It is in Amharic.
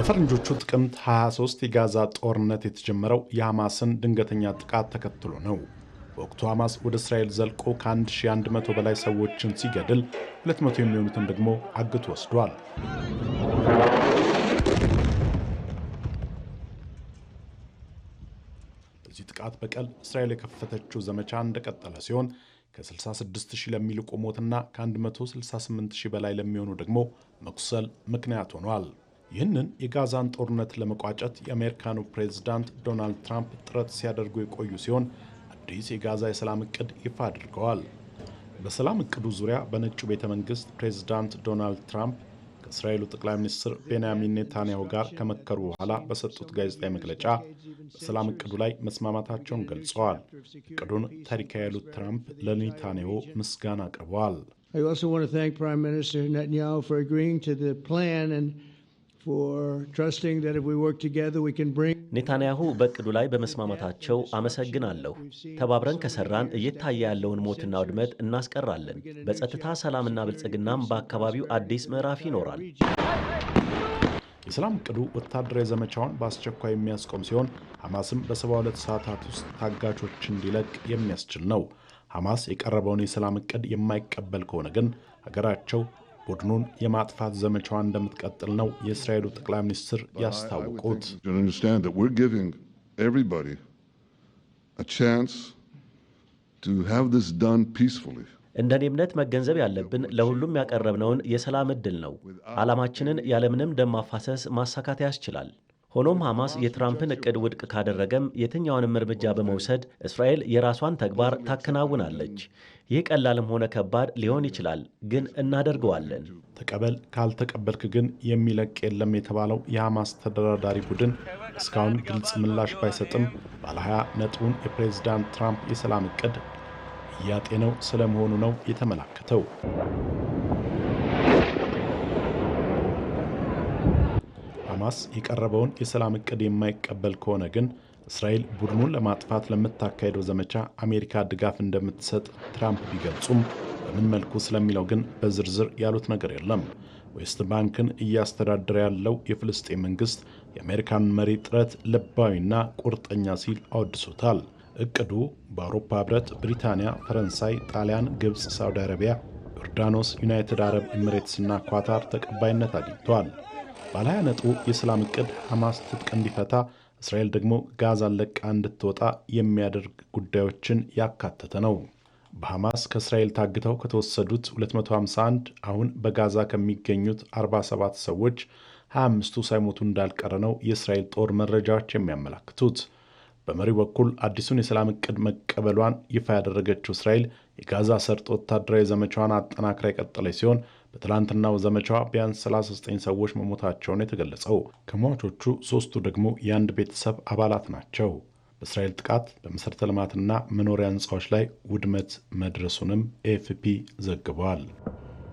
በፈረንጆቹ ጥቅምት 23 የጋዛ ጦርነት የተጀመረው የሐማስን ድንገተኛ ጥቃት ተከትሎ ነው። በወቅቱ ሐማስ ወደ እስራኤል ዘልቆ ከ1100 በላይ ሰዎችን ሲገድል 200 የሚሆኑትን ደግሞ አግቶ ወስዷል። በዚህ ጥቃት በቀል እስራኤል የከፈተችው ዘመቻ እንደቀጠለ ሲሆን ከ66 ሺህ ለሚልቁ ሞትና ከ168 ሺህ በላይ ለሚሆኑ ደግሞ መቁሰል ምክንያት ሆኗል። ይህንን የጋዛን ጦርነት ለመቋጨት የአሜሪካኑ ፕሬዝዳንት ዶናልድ ትራምፕ ጥረት ሲያደርጉ የቆዩ ሲሆን አዲስ የጋዛ የሰላም እቅድ ይፋ አድርገዋል። በሰላም እቅዱ ዙሪያ በነጩ ቤተ መንግስት ፕሬዝዳንት ዶናልድ ትራምፕ ከእስራኤሉ ጠቅላይ ሚኒስትር ቤንያሚን ኔታንያሁ ጋር ከመከሩ በኋላ በሰጡት ጋዜጣዊ መግለጫ በሰላም እቅዱ ላይ መስማማታቸውን ገልጸዋል። እቅዱን ታሪካዊ ያሉት ትራምፕ ለኔታንያሁ ምስጋና አቅርበዋል። ኔታንያሁ በእቅዱ ላይ በመስማማታቸው አመሰግናለሁ። ተባብረን ከሰራን እየታየ ያለውን ሞትና ውድመት እናስቀራለን። በጸጥታ ሰላምና ብልጽግናም በአካባቢው አዲስ ምዕራፍ ይኖራል። የሰላም እቅዱ ወታደራዊ ዘመቻውን በአስቸኳይ የሚያስቆም ሲሆን ሐማስም በ72 ሰዓታት ውስጥ ታጋቾች እንዲለቅ የሚያስችል ነው። ሐማስ የቀረበውን የሰላም እቅድ የማይቀበል ከሆነ ግን ሀገራቸው ቡድኑን የማጥፋት ዘመቻዋን እንደምትቀጥል ነው የእስራኤሉ ጠቅላይ ሚኒስትር ያስታወቁት። እንደኔ እምነት መገንዘብ ያለብን ለሁሉም ያቀረብነውን የሰላም ዕድል ነው። ዓላማችንን ያለምንም ደም ማፋሰስ ማሳካት ያስችላል። ሆኖም ሐማስ የትራምፕን እቅድ ውድቅ ካደረገም የትኛውንም እርምጃ በመውሰድ እስራኤል የራሷን ተግባር ታከናውናለች። ይህ ቀላልም ሆነ ከባድ ሊሆን ይችላል፣ ግን እናደርገዋለን። ተቀበል፣ ካልተቀበልክ ግን የሚለቅ የለም የተባለው የሐማስ ተደራዳሪ ቡድን እስካሁን ግልጽ ምላሽ ባይሰጥም ባለ 20 ነጥቡን የፕሬዚዳንት ትራምፕ የሰላም እቅድ እያጤነው ስለመሆኑ ነው የተመላከተው። ሐማስ የቀረበውን የሰላም እቅድ የማይቀበል ከሆነ ግን እስራኤል ቡድኑን ለማጥፋት ለምታካሄደው ዘመቻ አሜሪካ ድጋፍ እንደምትሰጥ ትራምፕ ቢገልጹም በምን መልኩ ስለሚለው ግን በዝርዝር ያሉት ነገር የለም። ዌስት ባንክን እያስተዳደረ ያለው የፍልስጤም መንግስት የአሜሪካን መሪ ጥረት ልባዊና ቁርጠኛ ሲል አወድሶታል። እቅዱ በአውሮፓ ህብረት፣ ብሪታንያ፣ ፈረንሳይ፣ ጣሊያን፣ ግብፅ፣ ሳውዲ አረቢያ፣ ዮርዳኖስ፣ ዩናይትድ አረብ ኤምሬትስና ኳታር ተቀባይነት አግኝተዋል። ባለ 20 ነጥቡ የሰላም እቅድ ሐማስ ትጥቅ እንዲፈታ እስራኤል ደግሞ ጋዛን ለቃ እንድትወጣ የሚያደርግ ጉዳዮችን ያካተተ ነው። በሐማስ ከእስራኤል ታግተው ከተወሰዱት 251 አሁን በጋዛ ከሚገኙት 47 ሰዎች 25ቱ ሳይሞቱ እንዳልቀረ ነው የእስራኤል ጦር መረጃዎች የሚያመላክቱት። በመሪው በኩል አዲሱን የሰላም እቅድ መቀበሏን ይፋ ያደረገችው እስራኤል የጋዛ ሰርጥ ወታደራዊ ዘመቻዋን አጠናክራ የቀጠለች ሲሆን በትላንትናው ዘመቻዋ ቢያንስ 39 ሰዎች መሞታቸውን የተገለጸው ከሟቾቹ ሦስቱ ደግሞ የአንድ ቤተሰብ አባላት ናቸው። በእስራኤል ጥቃት በመሠረተ ልማትና መኖሪያ ሕንፃዎች ላይ ውድመት መድረሱንም ኤፍፒ ዘግቧል።